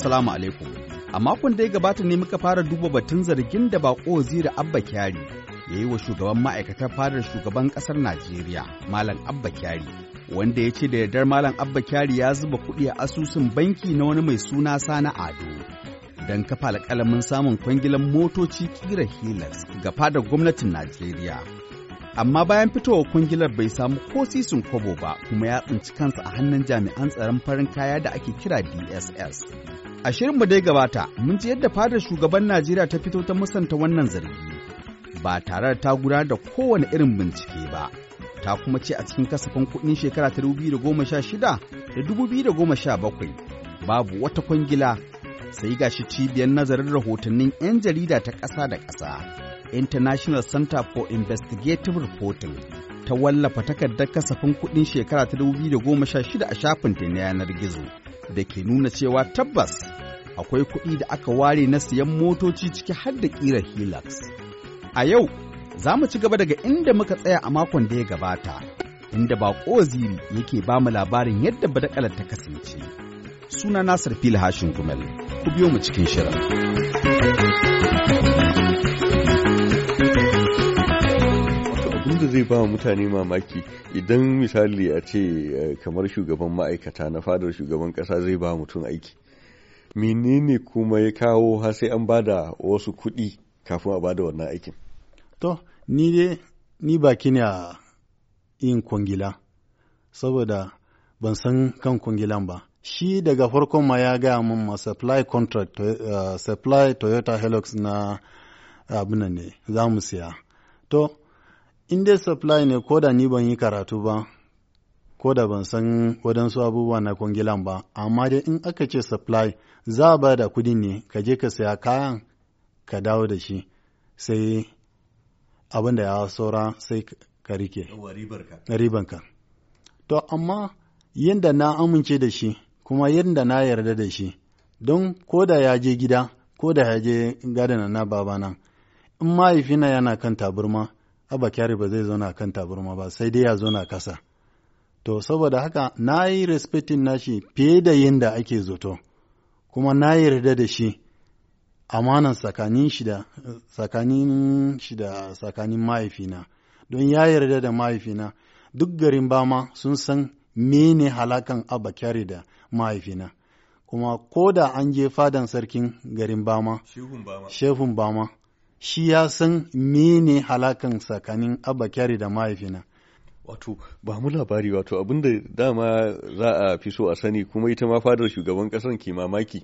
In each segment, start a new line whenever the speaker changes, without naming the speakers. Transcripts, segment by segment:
Assalamu alaikum. A makon da ya gabata ne muka fara duba batun zargin da bako waziri Abba Kyari ya yi wa shugaban ma'aikatar fadar shugaban ƙasar Najeriya, Malam Abba Kyari, wanda ya ce da yardar Malam Abba Kyari ya zuba kuɗi a asusun banki na wani mai suna Sani Ado. Don kafa alƙalamin samun kwangilan motoci kira Hilux ga fadar gwamnatin Najeriya. Amma bayan fitowar kwangilar bai samu ko sisin kwabo ba kuma ya tsinci kansa a hannun jami'an tsaron farin kaya da ake kira DSS. A shirin da ya gabata, mun ji yadda fadar shugaban Najeriya ta fito ta musanta wannan zargi, ba tare da ta gudanar da kowane irin bincike ba. Ta kuma ce a cikin kasafin kuɗin shekara ta 2016 da 2017 babu wata kwangila sai gashi cibiyar nazarin rahotannin 'yan jarida ta ƙasa da ƙasa, International Center for Investigative Reporting, ta wallafa takardar kasafin kuɗin shekara ta 2016 a shafinta na yanar gizo. da ke nuna cewa tabbas akwai kuɗi da aka ware na siyan motoci ciki har da ƙirar Hilux. A yau, za mu ci gaba daga inda muka tsaya a makon da ya gabata, inda baƙo ziri yake ba mu labarin yadda badakalar ta kasance. Suna Nasir Fil Hashin Gumel, ku biyo mu cikin shirin.
da zai ba mutane mamaki idan misali a ce eh, kamar shugaban ma'aikata na fadar shugaban kasa zai ba mutum aiki menene kuma ya kawo har sai an bada wasu kuɗi kafin a ba da wannan aikin to
ni dai ni baki ne
a yin kwangila saboda
ban san kan kwangilan ba shi daga farkon ma ya gaya min ma supply contract eh, supply toyota Helix na abinan ne za mu siya to in dai supply ne ko da ni ban yi karatu ba ko da ban san wadansu abubuwa na kwangilan ba amma dai in aka ce supply za a bada da kudin ne ka je ka saya kayan ka dawo da shi sai abin da ya saura sai ka rike ribanka to amma yadda na amince da shi kuma yadda na yarda da shi don ko da ya je gida ko da ya je gadana na babana in mahaifina yana kan taburma abba kyari ba zai zauna kan tabarma ba sai dai ya zauna kasa to saboda haka na yi respectin nashi fiye da yadda ake zoto kuma na yarda da shi amanan tsakanin shida tsakanin da tsakanin mahaifina don ya yarda da mahaifina duk garin bama sun san mene halakan abba kyari da mahaifina kuma ko da an je fadan sarkin garin bama shehun bama shi ya san mene halakan tsakanin abba kyari da mahaifina wato ba
mu labari wato abinda dama za a fi so a sani kuma ita ma fadar shugaban kasan ke mamaki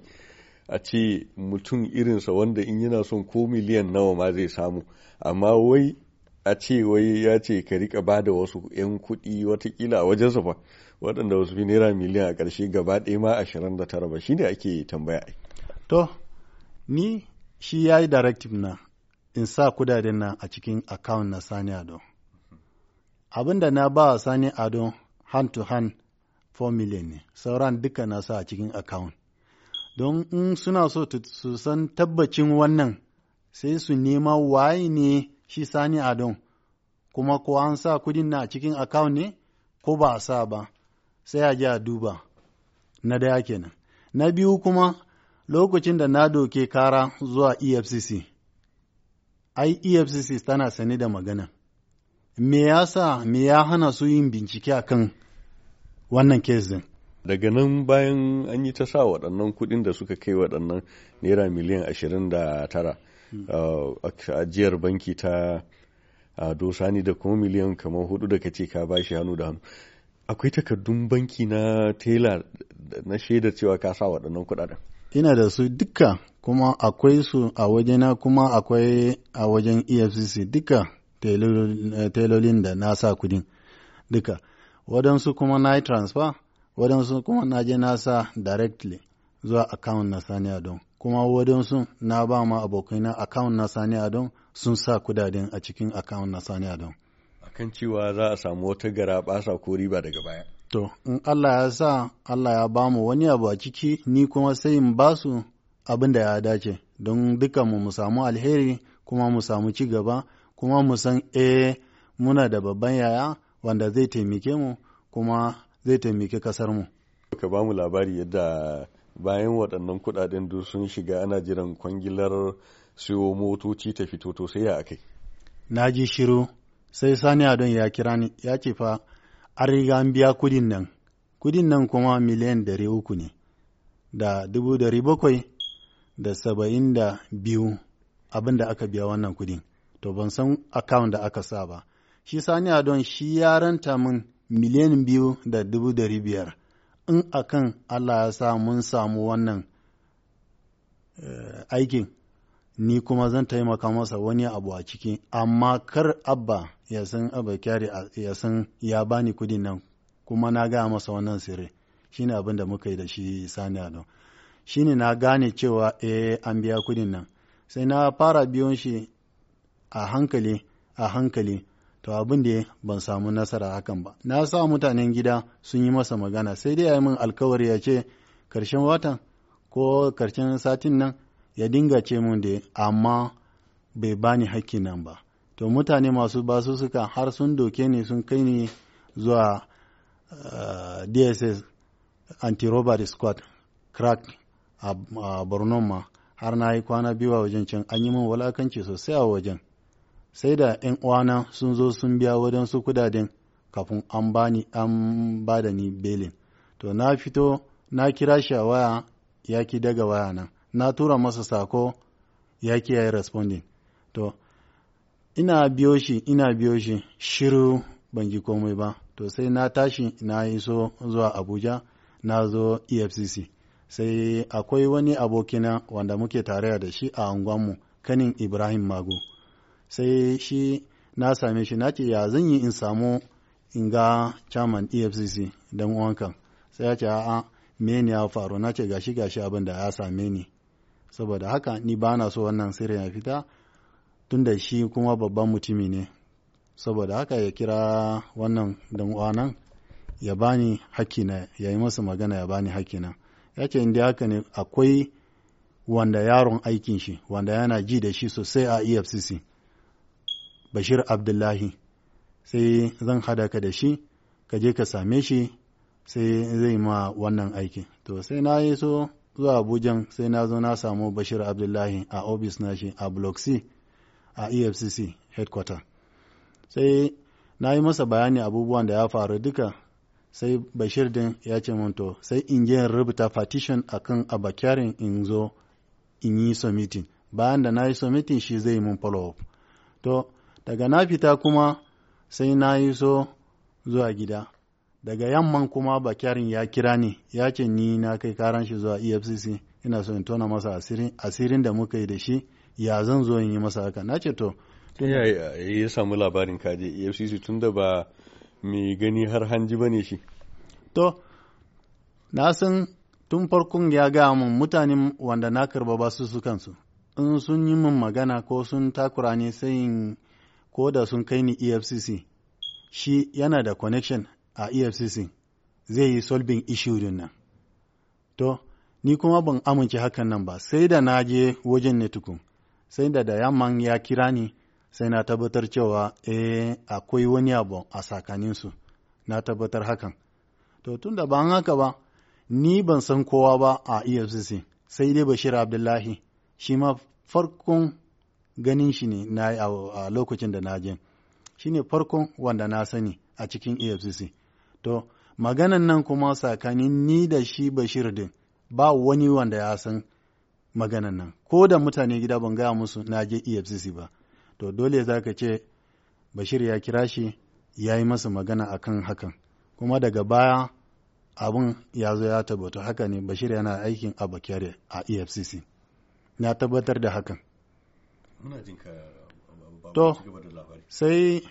a ce mutum irinsa wanda in yana son ko miliyan nawa ma zai samu amma wai a ce wai ya ce ka rika ba da wasu 'yan kuɗi watakila a wajensa fa waɗanda wasu fi naira miliyan a ƙarshe gaba ɗaya ma ashirin da tara ba shi ne ake tambaya to ni shi ya yi directive na in sa kudaden nan a cikin account
na Sani Ado. Abin da na ba wa Sani Ado hand to hand 4 million ne, sauran duka na sa a cikin account. Don in suna so su san tabbacin wannan sai su nema waye ne shi Sani ado kuma ko an sa kudin na a cikin account ne ko ba a sa ba, sai a ji a duba. Na daya kenan. Na biyu kuma lokacin da na doke kara zuwa EFCC. ai efcc tana sane da magana me yasa me ya hana su yin bincike a kan wannan
kes din daga nan bayan an yi ta sa waɗannan kuɗin da suka kai waɗannan naira miliyan ashirin da tara hmm. uh, ajiyar banki ta uh, dosani da kuma miliyan kamar hudu da kace ka bashi hannu da hannu akwai takardun banki na tela na shaidar cewa ka sa waɗannan kuɗaɗen
ina da su duka kuma akwai su a wajena kuma akwai a wajen efcc duka telolin eh, da na sa kudin duka waɗansu kuma na yi transfer waɗansu kuma na je na sa directly zuwa account na sani adon kuma waɗansu na ba ma abokaina account na sani don sun sa kudaden a cikin account na
sani adon akan cewa za a samu wata gara sa ko riba daga baya
To, in Allah ya sa Allah ya ba mu wani abu a ciki, ni kuma sai in ba su abin da ya dace, don dukanmu mu samu alheri kuma mu samu ci gaba, kuma mu san eh muna da babban yaya wanda zai taimake mu kuma zai taimake
mu Ka ba mu labari yadda bayan waɗannan kuɗaɗen duk sun shiga ana jiran kwangilar siyo motoci ta fito to sai ya akai. Na ji shiru
sai Sani Adon ya kira ni ya ce fa an riga an biya kudin nan kudin nan kuma miliyan dari uku ne da dubu dari bakwai da saba'in da biyu abin da aka biya wannan kudin to ban san akawun da aka sa ba shi sani adon shi ya ranta min miliyan biyu da dubu dari biyar in akan allah ya sa mun samu wannan eh, aikin ni kuma zan taimaka masa wani abu a ciki amma kar abba ya san abba kyari ya san ya bani kudin nan kuma na gaya masa wannan sirri shine abin da muka yi da shi sani adon shine na gane cewa eh an biya kudin nan sai na fara biyon shi a hankali a hankali to abin da ban samu nasara hakan ba na sa mutanen gida sun yi masa magana sai dai ya yi min alkawari ya ce karshen watan ko karshen satin nan ya dinga ce mun da amma bai bani hakki nan ba to mutane masu basu suka har sun doke ni sun kai ni zuwa eh, dss anti-robbery squad crack a borno ma har na yi kwana biyu wajen can an yi min walakanci sosai a wajen sai da 'yan uwana sun zo sun biya wadansu kudaden kafin an bani an ba da ni belin to na fito na kira shi a waya ya ki daga waya nan na tura masa sako ya kiyaye responding to ina biyo shi ina biyo shi shiru ban ji komai ba to sai na tashi na iso zuwa abuja na zo efcc sai akwai wani abokina wanda muke tare da shi a unguwanmu kanin ibrahim mago sai shi na same shi na ce ya zan yi in samu in ga chairman efcc don wankan sai ya ce a'a me ne ya faru na ce gashi gashi abin da ya same ni saboda haka ni ba na so wannan sirri ya fita tunda shi kuma babban mutumi ne saboda haka ya kira wannan dan uwanan ya bani hakina ya yi masa magana ya bani hakina ya ce inda haka ne akwai wanda yaron aikin shi wanda yana ji da shi sosai a efcc bashir abdullahi sai zan hada ka da shi ka je ka same shi sai zai ma wannan aiki to sai na yi so zuwa abujan sai na zo na samu bashir abdullahi a ofis na shi a block c a efcc headquarter sai na yi masa bayani abubuwan da ya faru duka sai bashir din ya ce to sai in je rubuta partition kan abakarin in zo in yi submitting bayan da na yi submitting shi zai mun follow up to daga na fita kuma sai na yi so zuwa gida daga yamman kuma bakarin ya kira ni ya ce ni na kai karan shi zuwa efcc ina so in tona masa asirin, da muka yi da shi ya zan zo in yi masa haka na ce to
eh, ya samu labarin kaje efcc tun da ba mai gani har hanji ba ne shi
to na san tun farkon ya gaya min mutanen wanda na karba ba su su kansu in sun yi min magana ko sun takura ne sai ko da sun kai ni efcc shi yana da connection a efcc zai yi solving issue din nan to ni kuma ban amince hakan nan ba sai da na je wajen ne tukun sai da da yamman ya kira ni sai na tabbatar cewa eh akwai wani abu a sakaninsu na tabbatar hakan to tun da ba haka ba ni ban san kowa ba a efcc sai dai bashir abdullahi shi ma farkon ganin shi ne na a lokacin da na je shine ne farkon wanda na sani a cikin efcc To, maganan nan kuma tsakanin ni da shi Bashir din ba wani wanda ya san maganan nan, ko da mutane gida ban gaya musu na je EFCC ba. To, dole za ka ce Bashir ya kira shi ya yi masa magana a kan hakan, kuma daga baya abin ya zo ya tabbata haka ne Bashir yana aikin a a EFCC. Na tabbatar da hakan. To, sai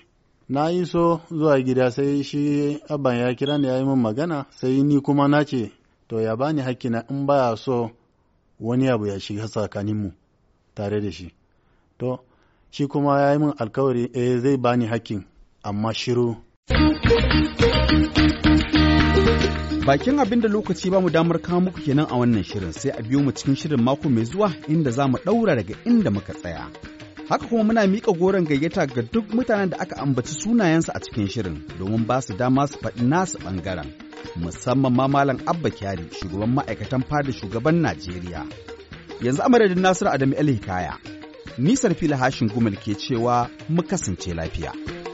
na yi so zuwa gida sai shi abban ya kira ni ya yi min magana sai ni kuma na ce to ya bani na in baya so wani abu ya shiga tsakaninmu tare da shi to shi kuma ya yi min alkawari eh zai bani
hakkin amma shiru Bakin abin da lokaci ba mu damar kawo muku kenan a wannan shirin sai a biyo mu cikin shirin mako mai zuwa inda za mu ɗaura daga inda muka tsaya. Haka kuma muna mika goron gayyata ga duk mutanen da aka ambaci sunayensu a cikin shirin domin ba su dama su faɗi nasu ɓangaren. Musamman ma Malam Abba Kyari, shugaban ma'aikatan fada shugaban Najeriya. Yanzu a madadin Nasiru Adamu El Hikaya, nisar fila hashin gumal ke cewa mu kasance lafiya.